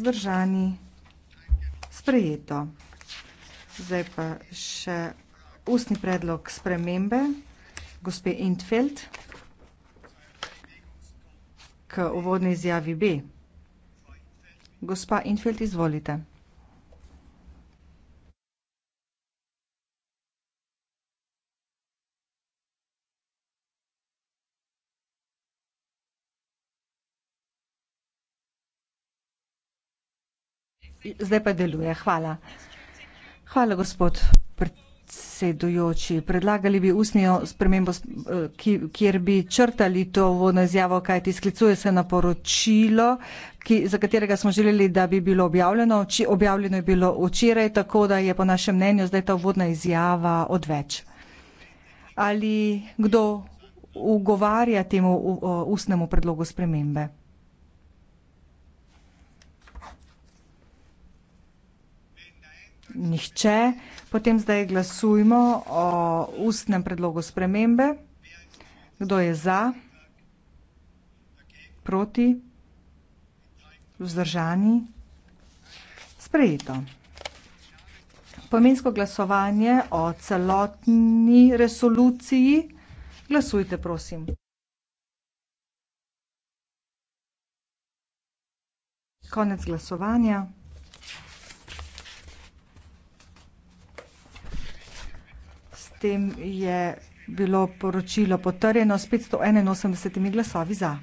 Zdržani. Sprejeto. Zdaj pa še ustni predlog spremembe gospe Intfeld k uvodni izjavi B. Gospa Infeld, izvolite. Zdaj pa deluje, hvala. Hvala, gospod predsedujoči. Predlagali bi ustnijo spremembo, eh, kjer bi črtali to vodno izjavo, kajti sklicuje se na poročilo, ki, za katerega smo želeli, da bi bilo objavljeno. Či, objavljeno je bilo včeraj, tako da je po našem mnenju zdaj ta vodna izjava odveč. Ali kdo ugovarja temu ustnemu predlogu spremembe? Nihče. Potem zdaj glasujmo o ustnem predlogu spremembe. Kdo je za? Proti? Vzdržani? Sprejeto. Pomensko glasovanje o celotni resoluciji. Glasujte, prosim. Konec glasovanja. potem je bilo poročilo potrjeno s 581 glasovi za.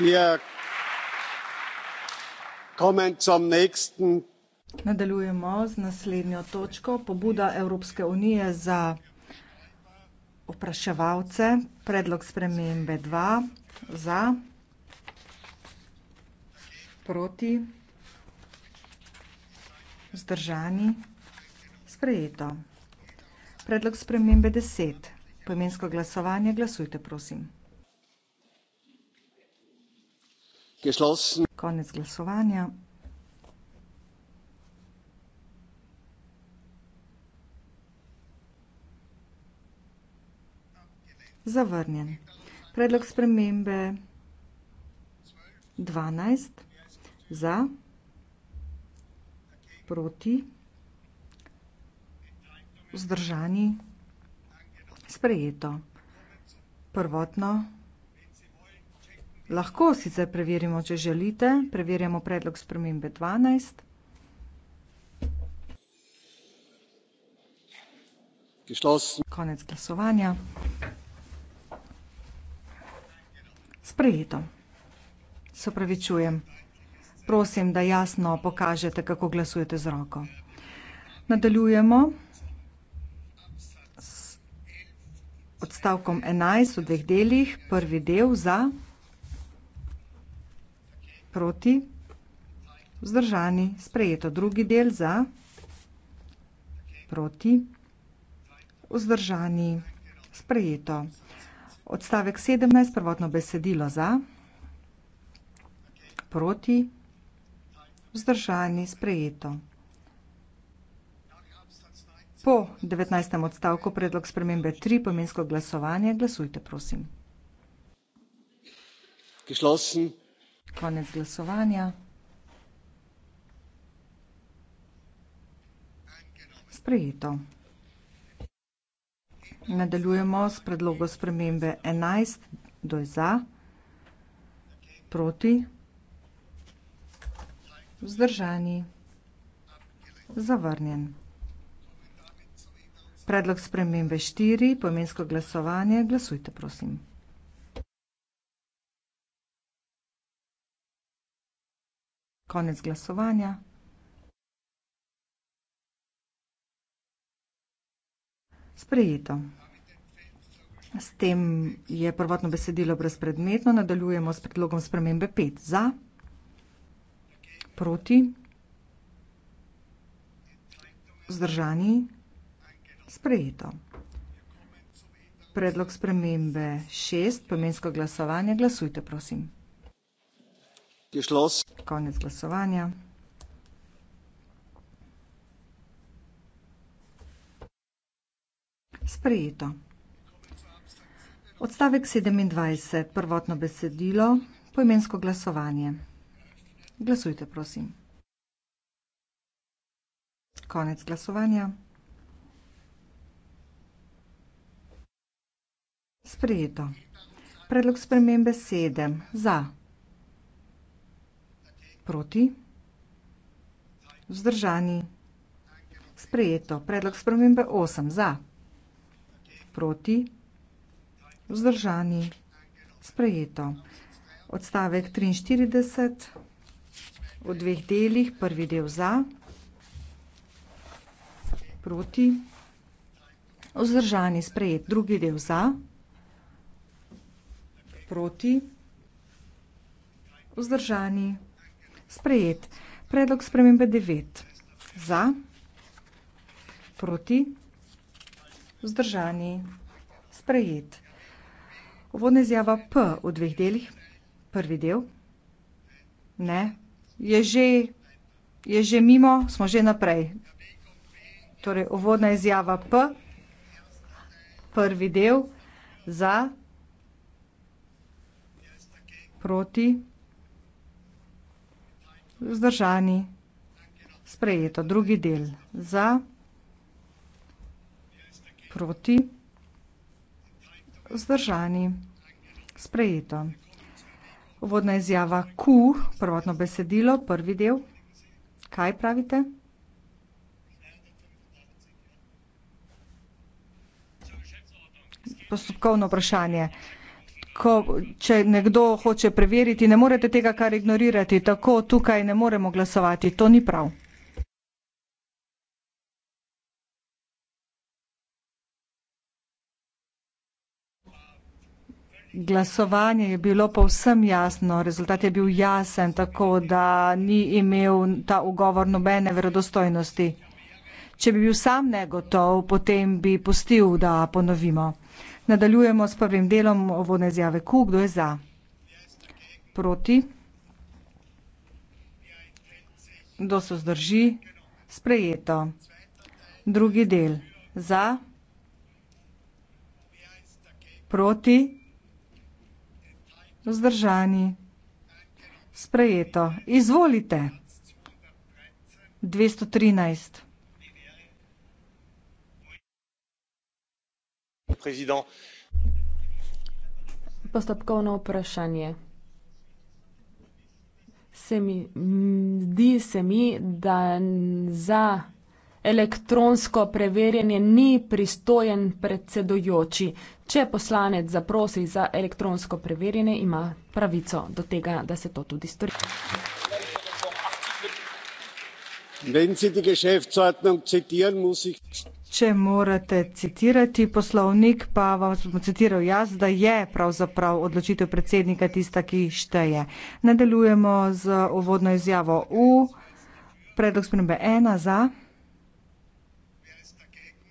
Ja, Nadaljujemo z naslednjo točko, pobuda Evropske unije za opraševalce, predlog spremembe dva, za, proti, vzdržani, sprejeto. Predlog spremembe deset, poimensko glasovanje, glasujte, prosim. Konec glasovanja. Zavrnjen. Predlog spremembe 12 za, proti, vzdržani, sprejeto. Prvotno. Lahko sicer preverimo, če želite. Preverjamo predlog spremembe 12. Konec glasovanja. Sprejeto. Se pravičujem. Prosim, da jasno pokažete, kako glasujete z roko. Nadaljujemo s odstavkom 11 v dveh delih. Prvi del za proti? Vzdržani. Sprejeto. Drugi del za. Proti. Vzdržani. Sprejeto. Odstavek 17. Prvotno besedilo za. Proti. Vzdržani. Sprejeto. Po 19. odstavku predlog spremembe 3 pomensko glasovanje. Glasujte, prosim. Geschlossen. Konec glasovanja. Sprejeto. Nadaljujemo s predlogo spremembe 11. Kdo je za? Proti? Vzdržani? Zavrnjen. Predlog spremembe 4. Pomensko glasovanje. Glasujte, prosim. Konec glasovanja. Sprejeto. S tem je prvotno besedilo brezpredmetno. Nadaljujemo s predlogom spremembe 5. Za, proti, zdržani, sprejeto. Predlog spremembe 6, pomensko glasovanje. Glasujte, prosim konec glasovanja sprejeto odstavek sedemindvajset prvotno besedilo poimensko glasovanje glasujte prosim konec glasovanja sprejeto predlog spremembe sedem za Proti? Vzdržani? Sprejeto. Predlog spremembe 8. Za? Proti? Vzdržani? Sprejeto. Odstavek 43 v dveh delih. Prvi del za? Proti? Vzdržani? Sprejet. Drugi del za? Proti? Vzdržani? Sprejeto sprejet. Predlog spremembe 9. Za, proti, vzdržani, sprejet. Uvodna izjava P v dveh delih. Prvi del. Ne. Je že, je že mimo, smo že naprej. Torej, uvodna izjava P. Prvi del. Za, proti, vzdržani, sprejet. Zdržani. Sprejeto. Drugi del. Za. Proti. Zdržani. Sprejeto. Uvodna izjava Q, prvotno besedilo, prvi del. Kaj pravite? Postopkovno vprašanje ko, če nekdo hoče preveriti, ne morete tega kar ignorirati, tako tukaj ne moremo glasovati, to ni prav. Glasovanje je bilo povsem jasno, rezultat je bil jasen, tako da ni imel ta ugovor nobene verodostojnosti. Če bi bil sam negotov, potem bi pustil, da ponovimo. Nadaljujemo s prvim delom uvodne izjave KU, kdo je za? Proti? Kdo se vzdrži? Sprejeto. Drugi del. Za? Proti? Vzdržani? Sprejeto. Izvolite. Dvesto trinajst. président postopkovno vprašanje se mi zdi se mi da za elektronsko preverjanje ni pristojen predsedujoči. Če poslanec zaprosi za elektronsko preverjanje, ima pravico do tega, da se to tudi stori. Wenn Sie die Geschäftsordnung zitieren, muss ich Če morate citirati poslovnik, pa vas bom citiral jaz, da je pravzaprav odločitev predsednika tista, ki šteje. Nadaljujemo z uvodno izjavo U. Predlog spremembe 1 za.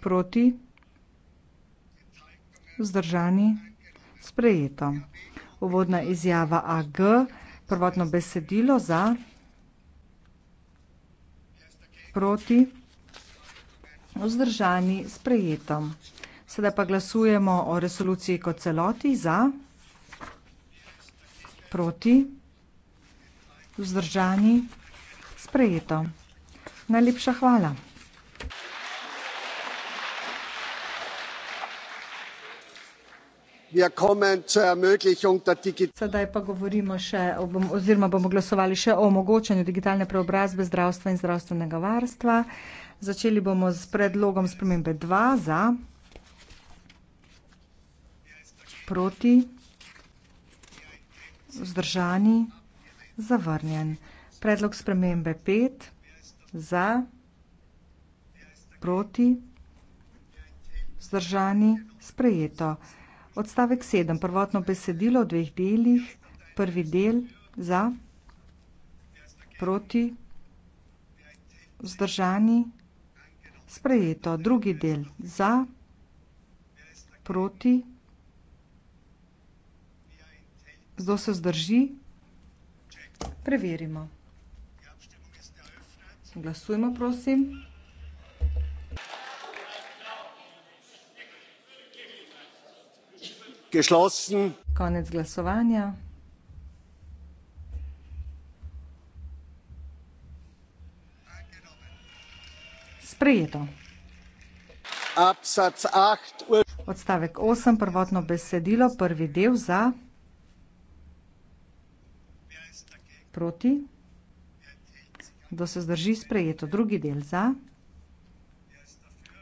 Proti. Zdržani. Sprejeto. Uvodna izjava AG. Prvotno besedilo za. Proti vzdržani, sprejeto. Sedaj pa glasujemo o resoluciji kot celoti za, proti, vzdržani, sprejeto. Najlepša hvala. Sedaj pa govorimo še, oziroma bomo glasovali še o omogočanju digitalne preobrazbe zdravstva in zdravstvenega varstva. Začeli bomo s predlogom spremembe dva za, proti, vzdržani, zavrnjen. Predlog spremembe pet za, proti, vzdržani, sprejeto. Odstavek sedem, prvotno besedilo v dveh delih, prvi del za, proti, vzdržani sprejeto. Drugi del za, proti, zdo se zdrži, preverimo. Glasujmo, prosim. Konec glasovanja. sprejeto. Odstavek 8, prvotno besedilo, prvi del za, proti, kdo se zdrži sprejeto, drugi del za,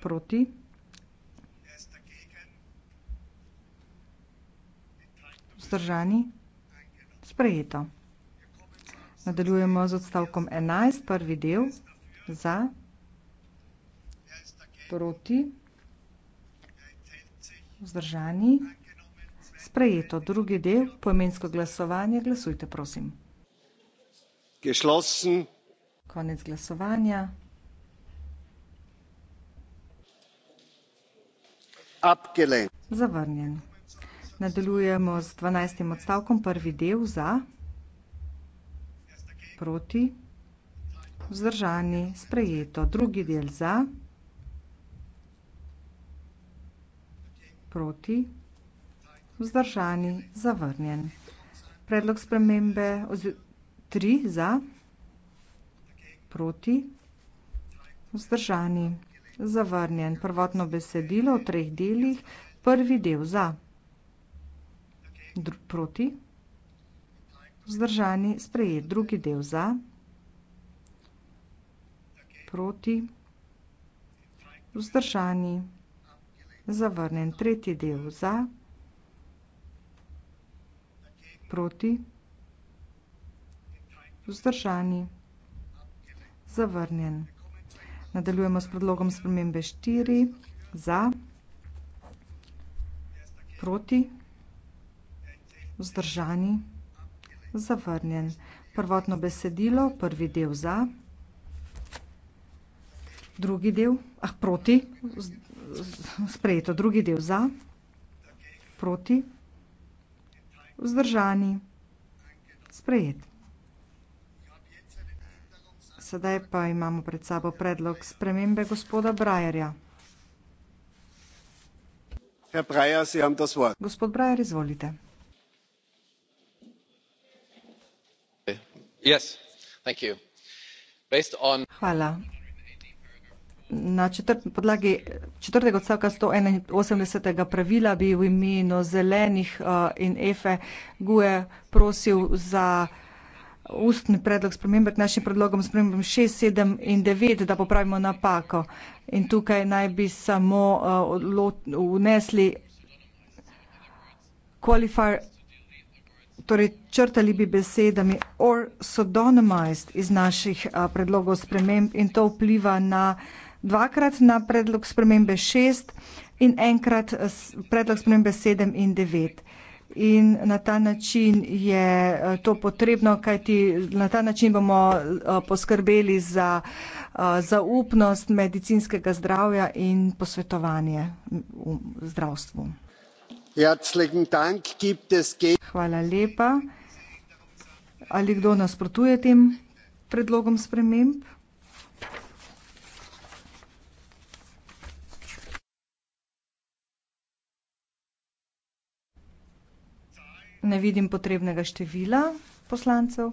proti, vzdržani, sprejeto. Nadaljujemo z odstavkom 11, prvi del za, proti, vzdržani, sprejeto proti. Vzdržani. Sprejeto. Drugi del, poimensko glasovanje, glasujte prosim. Geschlossen. Konec glasovanja. Abgelen. Zavrnjen. Nadaljujemo z dvanajstim odstavkom, prvi del za, proti, vzdržani, sprejeto, drugi del za. proti, vzdržani, zavrnjen. Predlog spremembe tri za, proti, vzdržani, zavrnjen. Prvotno besedilo v treh delih, prvi del za, proti, vzdržani, sprejet. Drugi del za, proti, vzdržani, zavrnjen zavrnjen. Tretji del za, proti, vzdržani, zavrnjen. Nadaljujemo s predlogom spremembe 4, za, proti, vzdržani, zavrnjen. Prvotno besedilo, prvi del za, drugi del, ah, proti, vzdržani sprejeto. Drugi del za, proti, vzdržani, sprejet. Sedaj pa imamo pred sabo predlog spremembe gospoda Brajerja. Gospod Brajer, izvolite. Hvala na četrt, podlagi četrtega odstavka 181. pravila bi v imenu zelenih uh, in Efe Guje prosil za ustni predlog spremembe k našim predlogom spremembe 6, 7 in 9, da popravimo napako. In tukaj naj bi samo uh, vnesli qualifier. Torej, črtali bi besedami or sodonomized iz naših a, uh, predlogov sprememb in to vpliva na a, dvakrat na predlog spremembe šest in enkrat predlog spremembe sedem in devet. In na ta način je eh, to potrebno, kajti na ta način bomo eh, poskrbeli za eh, zaupnost medicinskega zdravja in posvetovanje v zdravstvu. Hvala lepa. Ali kdo nasprotuje tem predlogom sprememb? ne vidim potrebnega števila poslancev.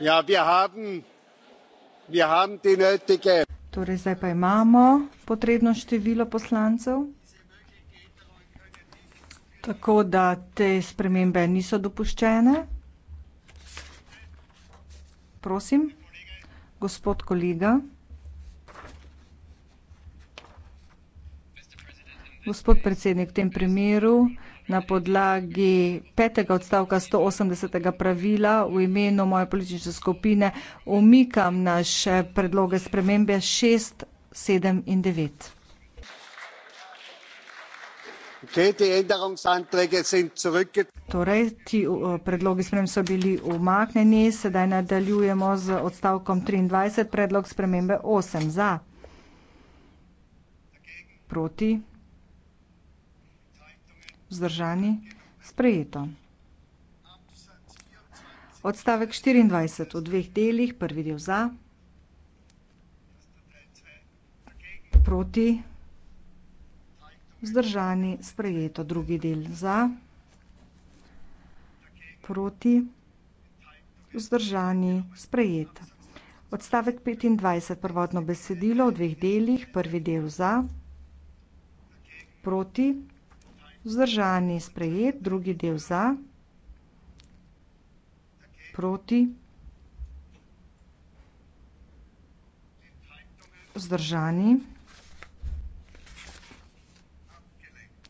Ja, torej zdaj pa imamo potrebno število poslancev. Tako da te spremembe niso dopuščene. Prosim, gospod kolega. Gospod predsednik, v tem primeru na podlagi petega odstavka 180. pravila v imenu moje politične skupine omikam naše predloge spremembe 6, 7 in 9. Torej, ti predlogi sprememb so bili umaknjeni, sedaj nadaljujemo z odstavkom 23, predlog spremembe 8 za. Proti. Vzdržani. Sprejeto. Odstavek 24 v dveh delih, prvi del za. Proti vzdržani, sprejeto drugi del za, proti, vzdržani, sprejeto. Odstavek 25, prvotno besedilo v dveh delih, prvi del za, proti, vzdržani, sprejet, drugi del za, proti, vzdržani, sprejet.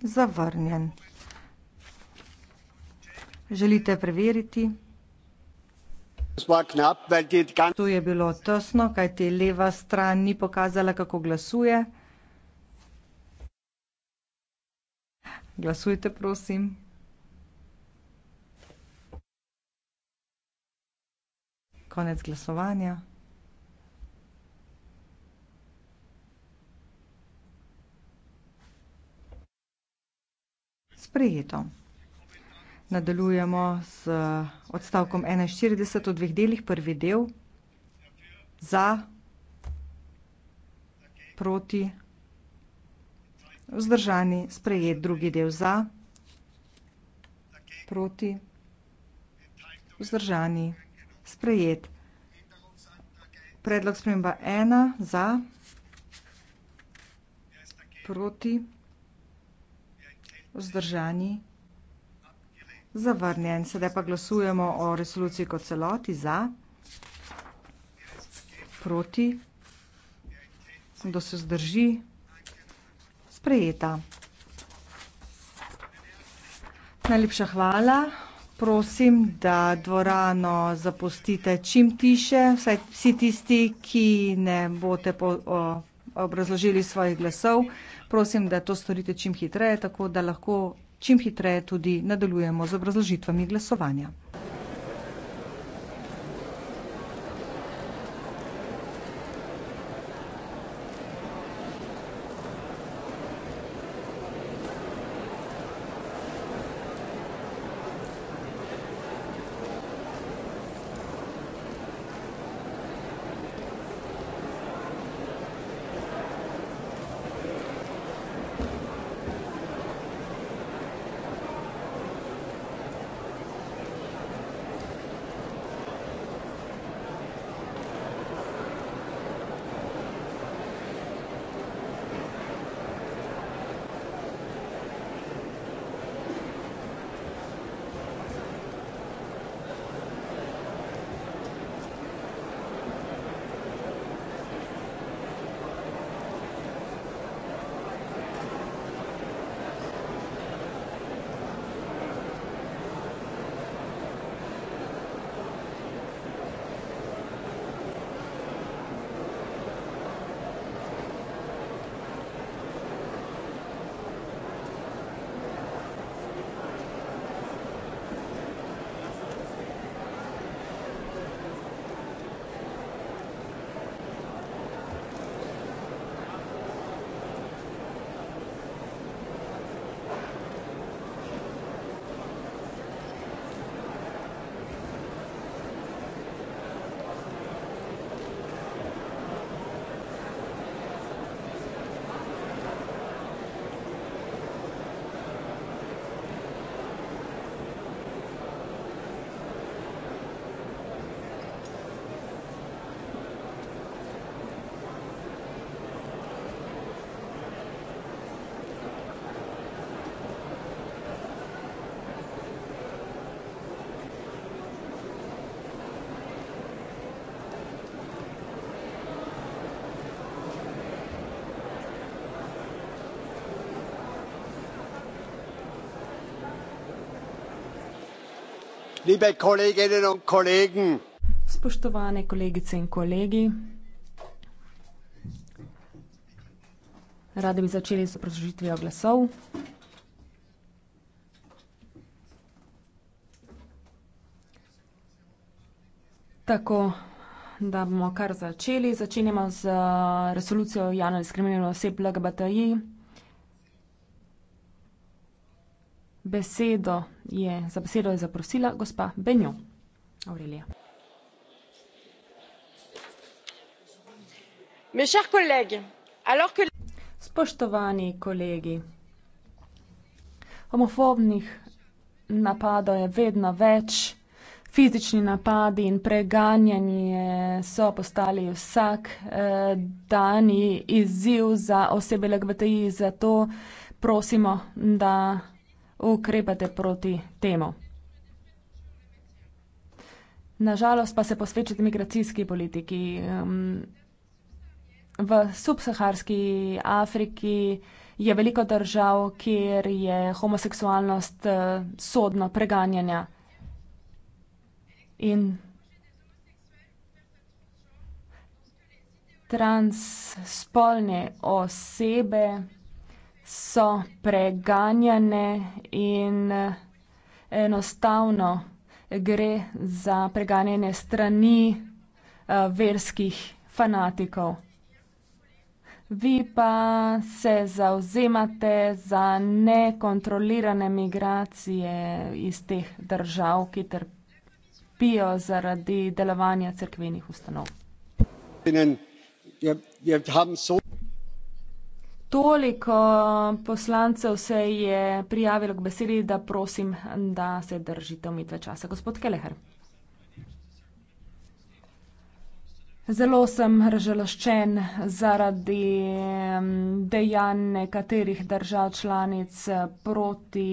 zavrnjen. Želite preveriti? To je bilo tesno, kajti leva stran ni pokazala, kako glasuje. Glasujte, prosim. Konec glasovanja. sprejeto. Nadaljujemo z odstavkom 41 v dveh delih, prvi del za, proti, vzdržani, sprejet, drugi del za, proti, vzdržani, sprejet. Predlog sprememba ena, za, proti vzdržani. Zavrnjen. Sedaj pa glasujemo o resoluciji kot celoti za, proti, kdo se vzdrži, sprejeta. Najlepša hvala. Prosim, da dvorano zapustite čim tiše, vsaj vsi tisti, ki ne bote po, o, obrazložili svojih glasov prosim, da to storite čim hitreje, tako da lahko čim hitreje tudi nadaljujemo z obrazložitvami glasovanja. liebe Kolleginnen und Kollegen. Spoštovane kolegice in kolegi. Radi bi začeli z obrazložitvijo glasov. Tako, da bomo kar začeli, začenjamo z eh, resolucijo o javnem diskriminiranju oseb LGBTI. besedo je, za besedo je zaprosila gospa Benjo Aurelija. Spoštovani kolegi. Homofobnih napadov je vedno več, fizični napadi in preganjanje so postali vsakdanji eh, izziv za osebe LGBTI, zato prosimo, da ukrepate proti temu. Nažalost pa se posvečate migracijski politiki. Um, v subsaharski Afriki je veliko držav, kjer je homoseksualnost eh, sodno preganjanja. In transspolne osebe so preganjane in enostavno gre za preganjanje strani eh, verskih fanatikov. Vi pa se zavzemate za nekontrolirane migracije iz teh držav, ki trpijo zaradi delovanja cerkvenih ustanov. Ja, ja, toliko eh, poslancev se je prijavilo k besedi, da prosim, da se držite omitve časa. Gospod Keleher. Zelo sem razžaloščen zaradi dejanj nekaterih držav članic eh, proti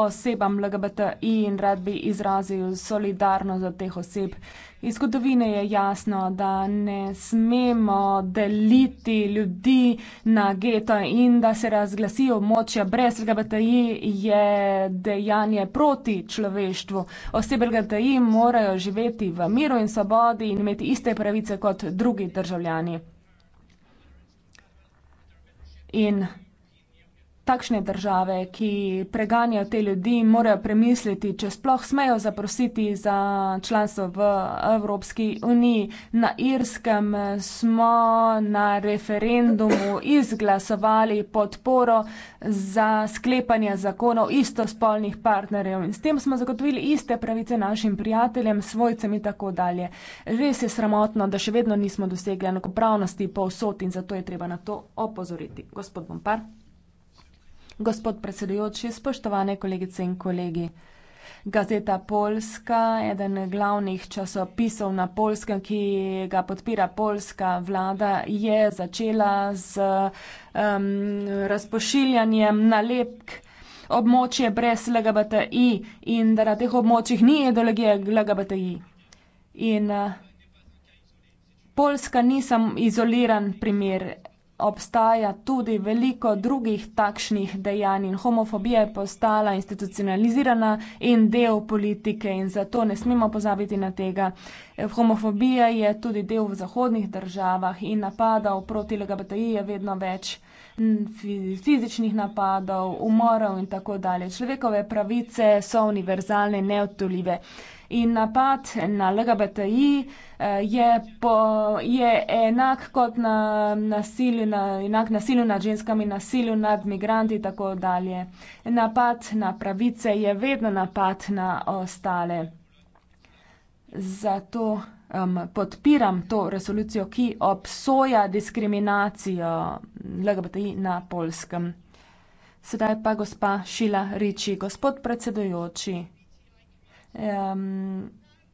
osebam LGBTI in rad bi izrazil solidarnost za teh oseb. Iz zgodovine je jasno, da ne smemo deliti ljudi na geto in da se razglasijo močja brez LGBTI je dejanje proti človeštvu. Osebe LGBTI morajo živeti v miru in svobodi in imeti iste pravice kot drugi državljani. In takšne države, ki preganjajo te ljudi, morajo premisliti, če sploh smejo zaprositi za članstvo v Evropski uniji. Na Irskem smo na referendumu izglasovali podporo za sklepanje zakonov istospolnih partnerjev in s tem smo zagotovili iste pravice našim prijateljem, svojcem in tako dalje. Res je sramotno, da še vedno nismo dosegli enakopravnosti povsod in zato je treba na to opozoriti. Gospod Bompar. Gospod predsedujoči, spoštovane kolegice in kolegi. Gazeta Polska, eden glavnih časopisov na Polskem, ki ga podpira polska vlada, je začela z um, razpošiljanjem nalepk območje brez LGBTI in da na teh območjih ni ideologije LGBTI. In uh, Polska ni sam izoliran primer obstaja tudi veliko drugih takšnih dejanj in homofobija je postala institucionalizirana in del politike in zato ne smemo pozabiti na tega. Homofobija je tudi del v zahodnih državah in napadov proti LGBTI je vedno več fizičnih napadov, umorov in tako dalje. Človekove pravice so univerzalne, neotoljive in napad na LGBTI eh, je, po, je enak kot na nasilju, na, enak nasilju nad ženskami, nasilju nad migranti in tako dalje. Napad na pravice je vedno napad na ostale. Zato um, podpiram to resolucijo, ki obsoja diskriminacijo LGBTI na polskem. Sedaj pa gospa Šila Riči, gospod predsedujoči.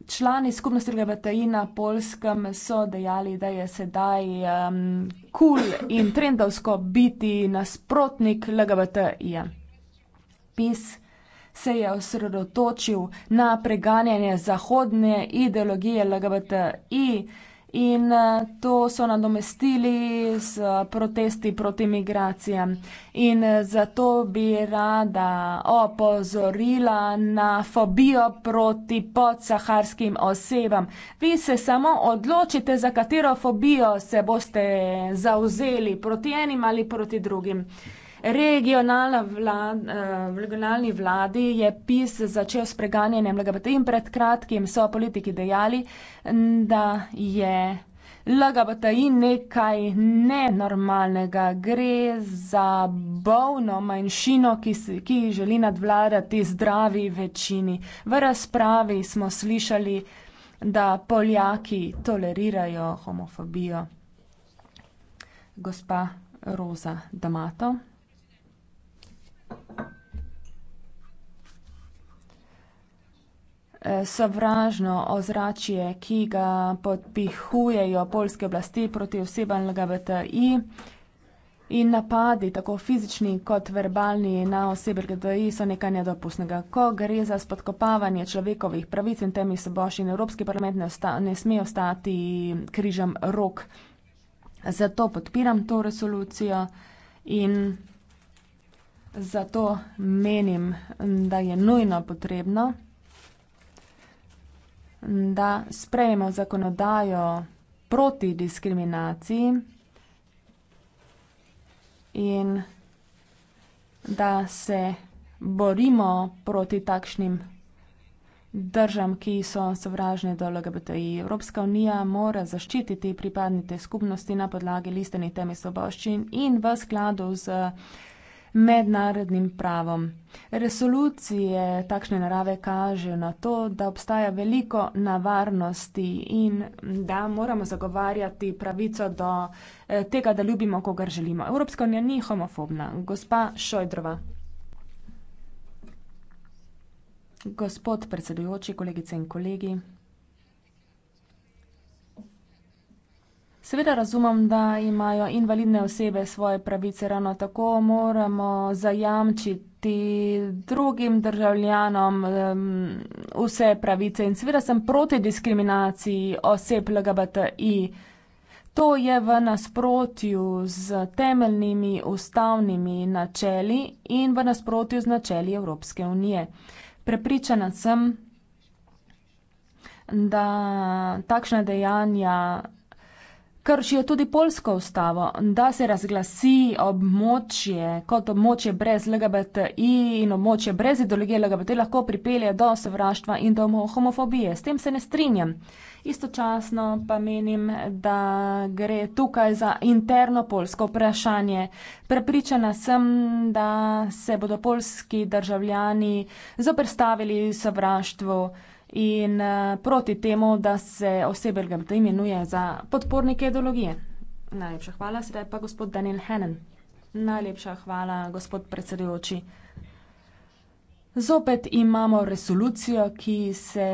Člani skupnosti LGBTI na Polskem so dejali, da je sedaj kul um, cool in trendovsko biti nasprotnik LGBTI. -ja. PiS se je osredotočil na preganjanje zahodne ideologije LGBTI. -ja in eh, to so nadomestili s protesti proti migracijam. In eh, zato bi rada opozorila na fobijo proti podsaharskim osebam. Vi se samo odločite, za katero fobijo se boste zauzeli, proti enim ali proti drugim regionalna vlada, eh, regionalni vladi je PIS začel s preganjanjem LGBT in pred kratkim so politiki dejali, da je LGBTI nekaj nenormalnega. Gre za bovno manjšino, ki, ki želi nadvladati zdravi večini. V razpravi smo slišali, da Poljaki tolerirajo homofobijo. Gospa Roza Damato. Eh, sovražno ozračje, ki ga podpihujejo polske oblasti proti osebam LGBTI in napadi, tako fizični kot verbalni, na osebe LGBTI so nekaj nedopustnega. Ko gre za spodkopavanje človekovih pravic in temi soboščin, Evropski parlament ne, ne sme ostati križem rok. Zato podpiram to resolucijo in. Zato menim, da je nujno potrebno, da sprejmemo zakonodajo proti diskriminaciji in da se borimo proti takšnim držam, ki so sovražne do LGBTI. Evropska unija mora zaščititi pripadnite skupnosti na podlagi listenih temi soboščin in v skladu z uh, mednarodnim pravom. Resolucije takšne narave kaže na to, da obstaja veliko navarnosti in da moramo zagovarjati pravico do eh, tega, da ljubimo, kogar želimo. Evropska unija ni homofobna. Gospa Šojdrova. Gospod predsedujoči, kolegice in kolegi. Seveda razumem, da imajo invalidne osebe svoje pravice, ravno tako moramo zajamčiti drugim državljanom um, vse pravice in seveda sem proti diskriminaciji oseb LGBTI. To je v nasprotju z temeljnimi ustavnimi načeli in v nasprotju z načeli Evropske unije. Prepričana sem, da takšna dejanja kršijo tudi polsko ustavo, da se razglasi območje kot območje brez LGBTI in območje brez ideologije LGBTI lahko pripelje do sovraštva in do homofobije. S tem se ne strinjam. Istočasno pa menim, da gre tukaj za interno polsko vprašanje. Prepričana sem, da se bodo polski državljani zoprstavili sovraštvu in eh, proti temu, da se osebe LGBT imenuje za podpornike ideologije. Najlepša hvala, sedaj pa gospod Daniel Hennen. Najlepša hvala, gospod predsedujoči. Zopet imamo resolucijo, ki se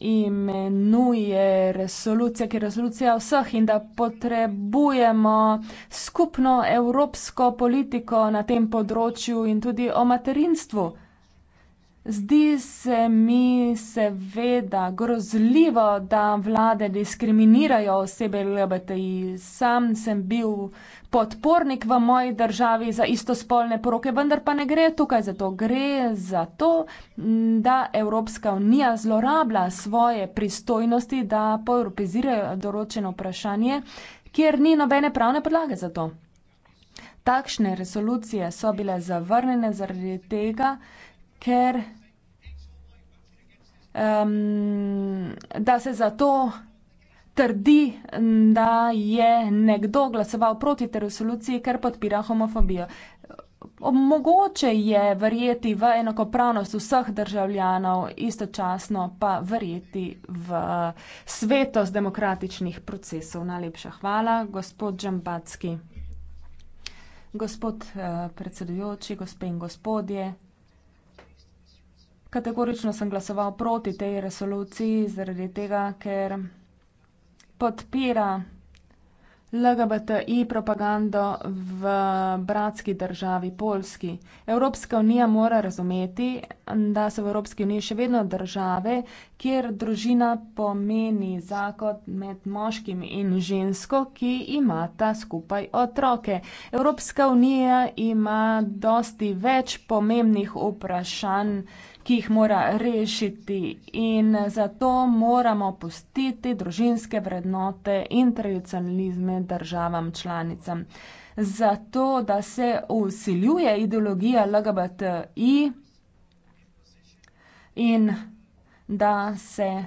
imenuje resolucija, ki je resolucija vseh in da potrebujemo skupno evropsko politiko na tem področju in tudi o materinstvu. Zdi se mi seveda grozljivo, da vlade diskriminirajo osebe LGBTI. Sam sem bil podpornik v moji državi za istospolne poroke, vendar pa ne gre tukaj za to. Gre za to, da Evropska unija zlorablja svoje pristojnosti, da poeuropezirajo določeno vprašanje, kjer ni nobene pravne podlage za to. Takšne resolucije so bile zavrnjene zaradi tega, ker um, da se zato trdi, da je nekdo glasoval proti tej resoluciji, ker podpira homofobijo. Mogoče je verjeti v enakopravnost vseh državljanov, istočasno pa verjeti v svetost demokratičnih procesov. Najlepša hvala, gospod Džambacki. Gospod eh, predsedujoči, gospe in gospodje. Kategorično sem glasoval proti tej resoluciji zaradi tega, ker podpira LGBTI propagando v bratski državi Poljski. Evropska unija mora razumeti, da so v Evropski uniji še vedno države, kjer družina pomeni zakon med moškim in žensko, ki imata skupaj otroke. Evropska unija ima dosti več pomembnih vprašanj, ki jih mora rešiti in zato moramo pustiti družinske vrednote in tradicionalizme državam članicam. Zato, da se usiljuje ideologija LGBTI in da se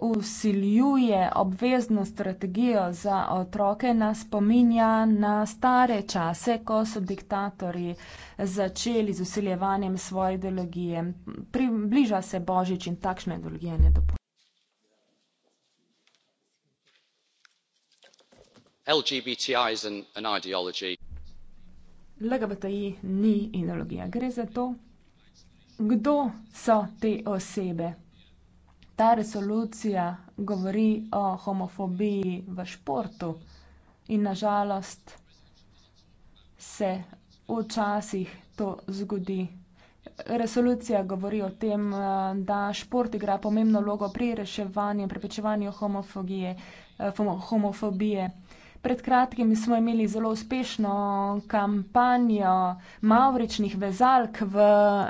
vsiljuje obvezno strategijo za otroke, nas spominja na stare čase, ko so diktatorji začeli z usiljevanjem svoje ideologije. Približa se Božič in takšna ideologija ne dopušča. LGBTI ni ideologija. Gre za to, kdo so te osebe, ta resolucija govori o homofobiji v športu in nažalost se včasih to zgodi. Resolucija govori o tem, eh, da šport igra pomembno vlogo pri reševanju, preprečevanju homofogije, eh, homofobije. Pred kratkim smo imeli zelo uspešno kampanjo mavričnih vezalk v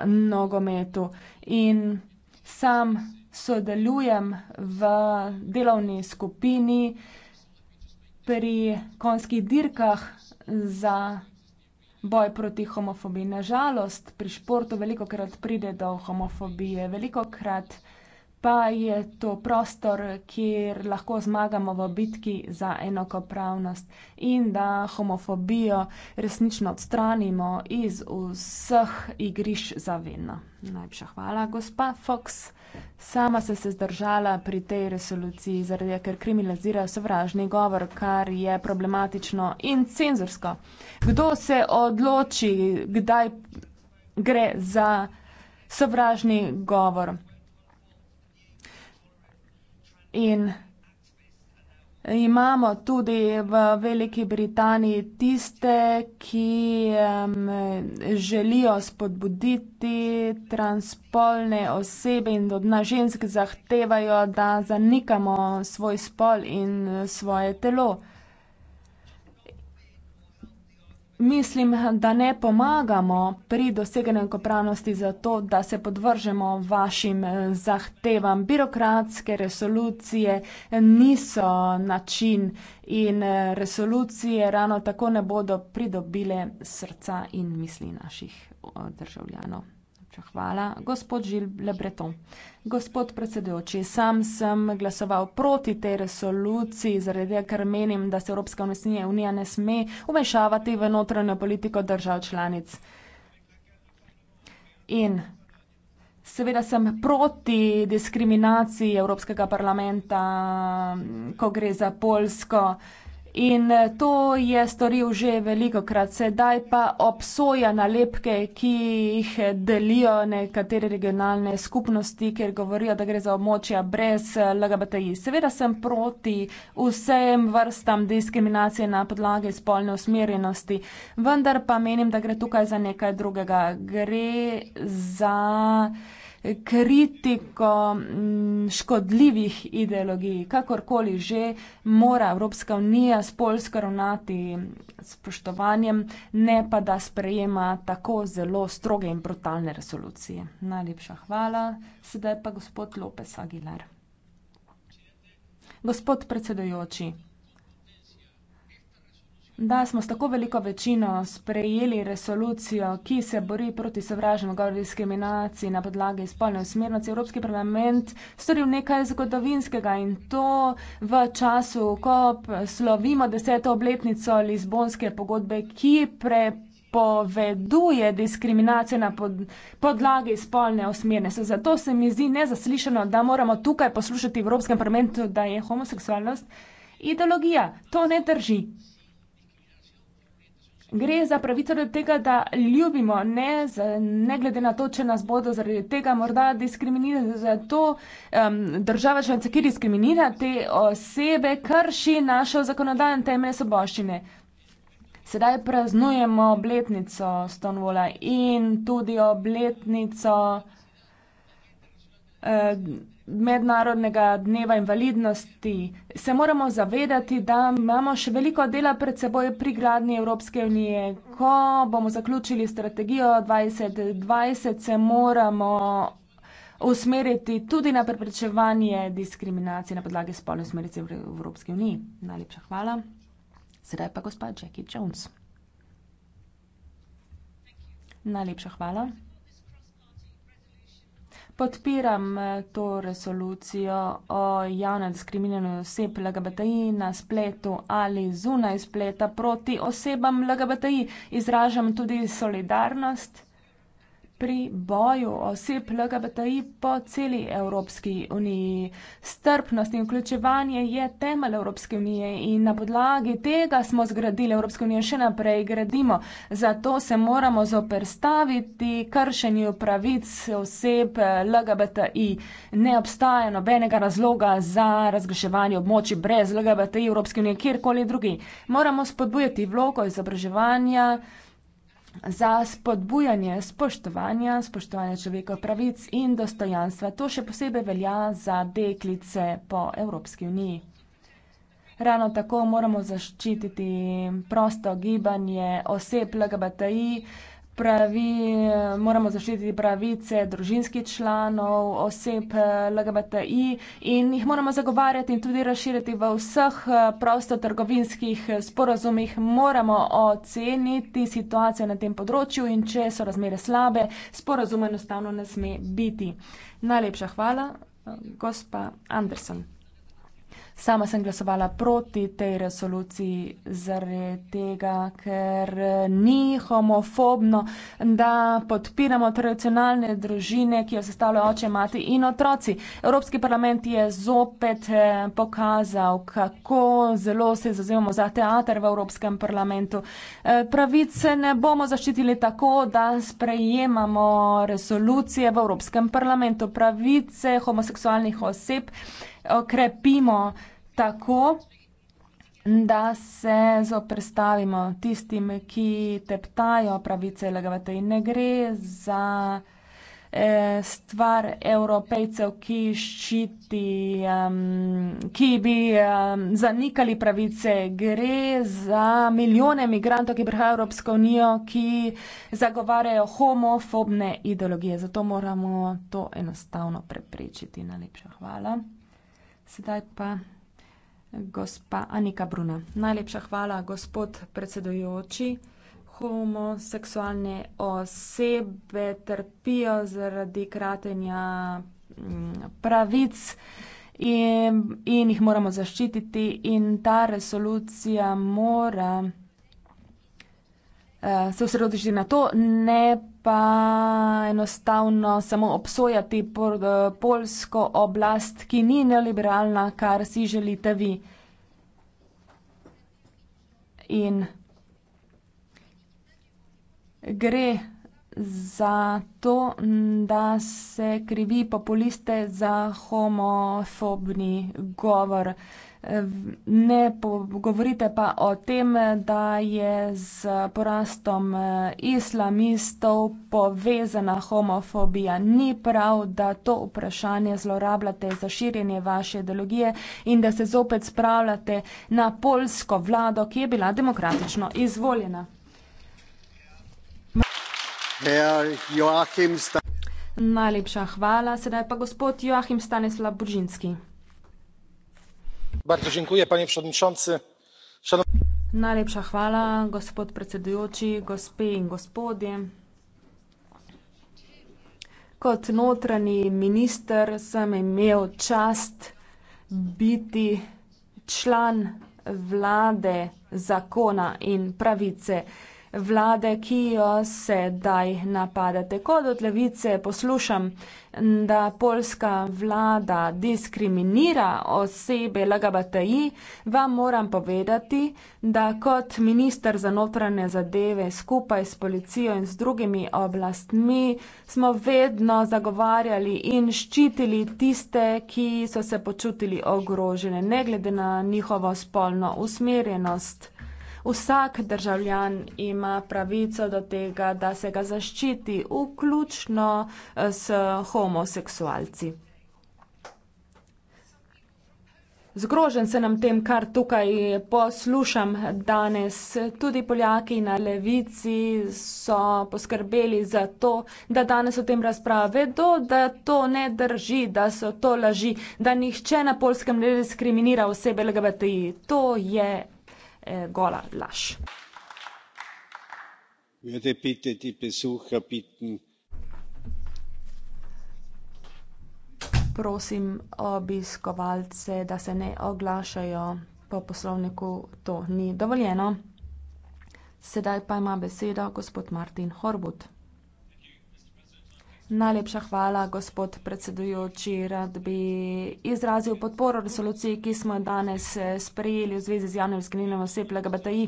nogometu in sam sodelujem v delovni skupini pri konjskih dirkah za boj proti homofobiji. Na žalost pri športu velikokrat pride do homofobije, velikokrat pa je to prostor, kjer lahko zmagamo v bitki za enakopravnost in da homofobijo resnično odstranimo iz vseh igrišč za vedno. Najlepša hvala, gospa Fox. Sama sem se zdržala pri tej resoluciji, zaradi ker kriminalizirajo sovražni govor, kar je problematično in cenzorsko. Kdo se odloči, kdaj gre za sovražni govor? In Imamo tudi v Veliki Britaniji tiste, ki um, želijo spodbuditi transpolne osebe in od nas žensk zahtevajo, da zanikamo svoj spol in svoje telo. mislim, da ne pomagamo pri doseganju enakopravnosti zato, da se podvržemo vašim eh, zahtevam. Birokratske resolucije eh, niso način in eh, resolucije ravno tako ne bodo pridobile srca in misli naših državljanov. Najlepša hvala. Gospod Žil Lebreton. Gospod predsedujoči, sam sem glasoval proti tej resoluciji, zaradi ker menim, da se Evropska unija ne sme umešavati v notranjo politiko držav članic. In seveda sem proti diskriminaciji Evropskega parlamenta, ko gre za Poljsko. In eh, to je storil že velikokrat, sedaj pa obsoja nalepke, ki jih eh, delijo nekatere regionalne skupnosti, ker govorijo, da gre za območja brez eh, LGBTI. Seveda sem proti vsem vrstam diskriminacije na podlagi spolne usmerjenosti, vendar pa menim, da gre tukaj za nekaj drugega. Gre za kritiko mm, škodljivih ideologij. Kakorkoli že, mora Evropska unija s Polsko ravnati s spoštovanjem, ne pa da sprejema tako zelo stroge in brutalne resolucije. Najlepša hvala. Sedaj pa gospod Lopes Aguilar. Gospod predsedujoči, da smo s tako veliko večino sprejeli resolucijo, ki se bori proti sovražnemu govoru diskriminaciji na podlagi spolne usmernosti, Evropski parlament storil nekaj zgodovinskega in to v času, ko slovimo deseto obletnico Lizbonske pogodbe, ki pre poveduje diskriminacijo na pod, podlagi spolne usmernosti. Zato se mi zdi nezaslišano, da moramo tukaj poslušati v Evropskem parlamentu, da je homoseksualnost ideologija. To ne drži. Gre za pravico do tega, da ljubimo, ne, za, ne glede na to, če nas bodo zaradi tega morda diskriminirali, zato um, država članica, ki diskriminira te osebe, krši našo zakonodajo in temelje soboščine. Sedaj praznujemo obletnico Stonewalla in tudi obletnico. Uh, mednarodnega dneva invalidnosti, se moramo zavedati, da imamo še veliko dela pred seboj pri gradnji Evropske unije. Ko bomo zaključili strategijo 2020, se moramo usmeriti tudi na preprečevanje diskriminacije na podlagi spolne smerice v Evropski uniji. Najlepša hvala. Sedaj pa gospod Jackie Jones. Najlepša hvala. Podpiram eh, to resolucijo o javnem diskriminiranju oseb LGBTI na spletu ali zunaj spleta proti osebam LGBTI. Izražam tudi solidarnost pri boju oseb LGBTI po celi Evropski uniji. Strpnost in vključevanje je temelj Evropske unije in na podlagi tega smo zgradili Evropsko unijo in še naprej gradimo. Zato se moramo zoperstaviti kršenju pravic oseb LGBTI. Ne obstaja nobenega razloga za razgraševanje območij brez LGBTI Evropske unije, kjerkoli drugi. Moramo spodbujati vlogo izobraževanja za spodbujanje spoštovanja, spoštovanja človekov pravic in dostojanstva. To še posebej velja za deklice po Evropski uniji. Ravno tako moramo zaščititi prosto gibanje oseb LGBTI, pravi, moramo zaščititi pravice družinskih članov, oseb LGBTI in jih moramo zagovarjati in tudi razširiti v vseh eh, prostotrgovinskih eh, sporozumih. Moramo oceniti situacijo na tem področju in če so razmere slabe, sporozum enostavno ne sme biti. Najlepša hvala, eh, gospa Anderson. Sama sem glasovala proti tej resoluciji zaradi tega, ker ni homofobno, da podpiramo tradicionalne družine, ki jo sestavljajo oče, mati in otroci. Evropski parlament je zopet eh, pokazal, kako zelo se zazivamo za teater v Evropskem parlamentu. Eh, pravice ne bomo zaščitili tako, da sprejemamo resolucije v Evropskem parlamentu. Pravice homoseksualnih oseb okrepimo tako, da se zoprestavimo tistim, ki teptajo pravice LGBT. In ne gre za eh, stvar evropejcev, ki ščiti, um, ki bi um, zanikali pravice. Gre za milijone migrantov, ki prihajajo v Evropsko unijo, ki zagovarjajo homofobne ideologije. Zato moramo to enostavno preprečiti. Najlepša hvala. Sedaj pa. Gospa Anika Bruna. Najlepša hvala, gospod predsedujoči. Homoseksualne osebe trpijo zaradi kratenja mm, pravic in, in jih moramo zaščititi in ta resolucija mora Eh, se osredotočiti na to, ne pa enostavno samo obsojati por, eh, polsko oblast, ki ni neoliberalna, kar si želite vi. In gre za to, da se krivi populiste za homofobni govor. Uh, Ne govorite pa o tem, da je z porastom eh, islamistov povezana homofobija. Ni prav, da to vprašanje zlorabljate za širjenje vaše ideologije in da se zopet spravljate na polsko vlado, ki je bila demokratično izvoljena. Najlepša hvala. Sedaj pa gospod Joachim Stanislav Božinski panie przewodniczący! najlepša hvala gospod predsedujoči gospe in gospodje. kot notranji minister sem imel čast biti član vlade zakona in pravice vlade, ki jo sedaj napadate. Kot od levice poslušam, da polska vlada diskriminira osebe LGBTI, vam moram povedati, da kot minister za notranje zadeve skupaj s policijo in z drugimi oblastmi smo vedno zagovarjali in ščitili tiste, ki so se počutili ogrožene, ne glede na njihovo spolno usmerjenost. Vsak državljan ima pravico do tega, da se ga zaščiti, vključno eh, s homoseksualci. Zgrožen se nam tem, kar tukaj poslušam danes. Tudi Poljaki na levici so poskrbeli za to, da danes o tem razprava vedo, da to ne drži, da so to laži, da nihče na polskem ne diskriminira osebe LGBTI. To je Eh, gola laž. Prosim obiskovalce, da se ne oglašajo. Po poslovniku to ni dovoljeno. Sedaj pa ima besedo gospod Martin Horvat. Najlepša hvala, gospod predsedujoči. Rad bi izrazil podporo resoluciji, ki smo jo danes eh, sprejeli v zvezi z javnim skrinjenjem oseb LGBTI.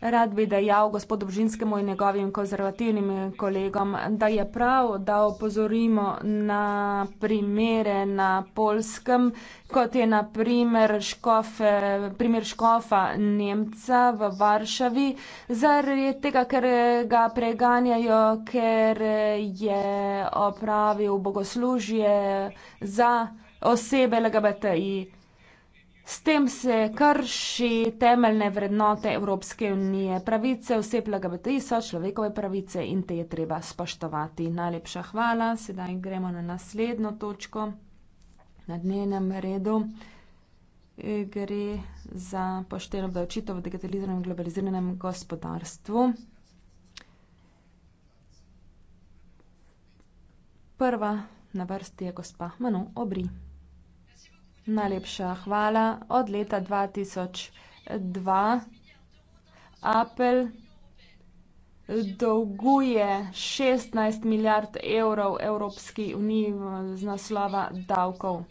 Rad bi dejal gospodu Bžinskemu in njegovim konzervativnim kolegom, da je prav, da opozorimo na primere na polskem, kot je na primer, škofe, primer škofa Nemca v Varšavi, zaradi tega, ker ga preganjajo, ker je opravil bogoslužje za osebe LGBTI. S tem se krši temeljne vrednote Evropske unije, pravice vseb LGBTI so človekove pravice in te je treba spoštovati. Najlepša hvala. Sedaj gremo na naslednjo točko na dnevnem redu. E, gre za pošteno obdavčitev v digitaliziranem in globaliziranem gospodarstvu. Prva na vrsti je gospa Manu Obri. Najlepša hvala. Od leta 2002 Apple dolguje 16 milijard evrov Evropski uniji z naslova davkov.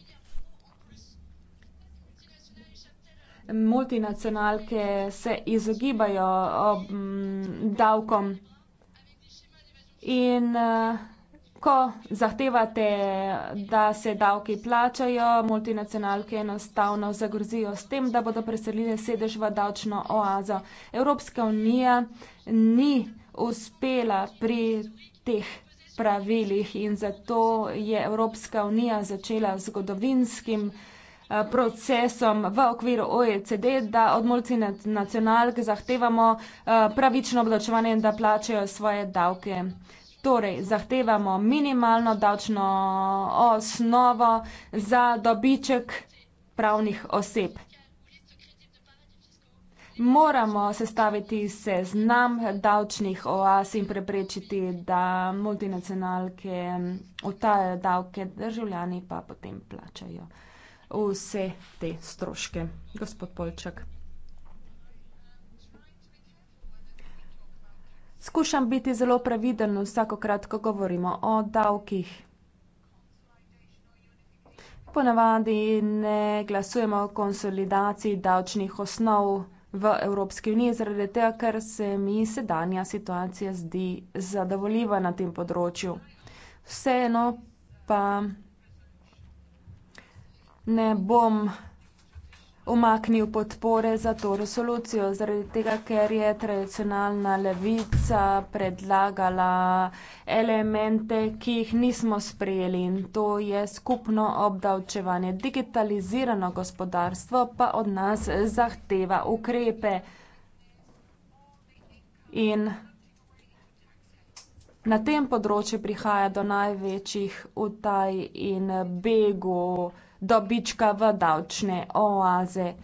Multinacionalke se izogibajo um, davkom in, uh, Ko zahtevate, da se davki plačajo, multinacionalke enostavno zagrozijo s tem, da bodo preselili sedež v davčno oazo. Evropska unija ni uspela pri teh pravilih in zato je Evropska unija začela zgodovinskim eh, procesom v okviru OECD, da od multinacionalk zahtevamo eh, pravično obdočevanje in da plačajo svoje davke. Torej, zahtevamo minimalno davčno osnovo za dobiček pravnih oseb. Moramo sestaviti seznam davčnih oaz in preprečiti, da multinacionalke utajajo davke, državljani pa potem plačajo vse te stroške. Gospod Poljčak. Skušam biti zelo previden vsakokrat, ko govorimo o davkih. Ponavadi ne glasujemo o konsolidaciji davčnih osnov v Evropski uniji, zaradi tega, ker se mi sedanja situacija zdi zadovoljiva na tem področju. Vseeno pa ne bom umaknil podpore za to resolucijo, zaradi tega, ker je tradicionalna levica predlagala elemente, ki jih nismo sprejeli in to je skupno obdavčevanje. Digitalizirano gospodarstvo pa od nas zahteva ukrepe in na tem področju prihaja do največjih utaj in begov dobička v davčne oaze.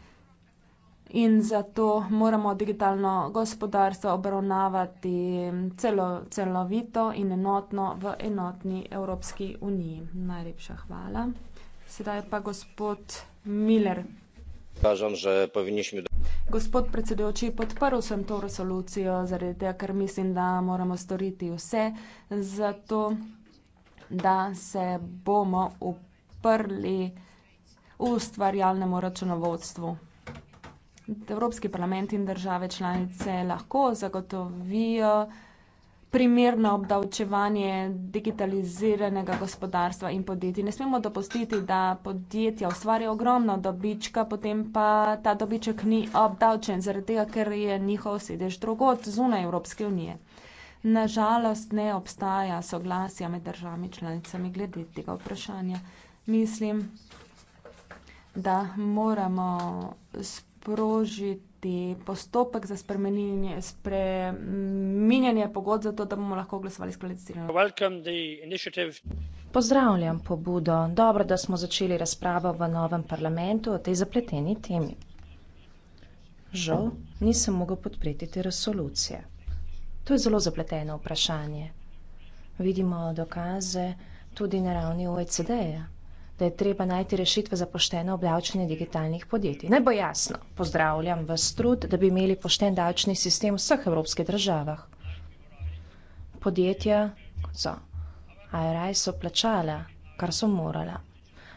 In zato moramo digitalno gospodarstvo obravnavati celo, celovito in enotno v enotni Evropski uniji. Najlepša hvala. Sedaj pa gospod Miller. Kažem, že povinišmi. Gospod predsedujoči, podprl sem to resolucijo, zaradi tega, ker mislim, da moramo storiti vse za to, da se bomo uprli ustvarjalnemu računovodstvu. Evropski parlament in države članice lahko zagotovijo primerno obdavčevanje digitaliziranega gospodarstva in podjetij. Ne smemo dopustiti, da podjetja ustvarjajo ogromno dobička, potem pa ta dobiček ni obdavčen, zaradi tega, ker je njihov sedež drugot zunaj Evropske unije. Nažalost ne obstaja soglasja med državami članicami glede tega vprašanja. Mislim, da moramo sprožiti postopek za spremenjenje, spreminjanje pogod za to, da bomo lahko glasovali s kvalificiranjem. Pozdravljam pobudo. Dobro, da smo začeli razpravo v novem parlamentu o tej zapleteni temi. Žal nisem mogel podpreti te resolucije. To je zelo zapleteno vprašanje. Vidimo dokaze tudi na ravni OECD-ja da je treba najti rešitve za pošteno obdavčanje digitalnih podjetij. Naj bo jasno, pozdravljam vas trud, da bi imeli pošten davčni sistem v vseh evropskih državah. Podjetja, kot so ARI, so plačala, kar so morala.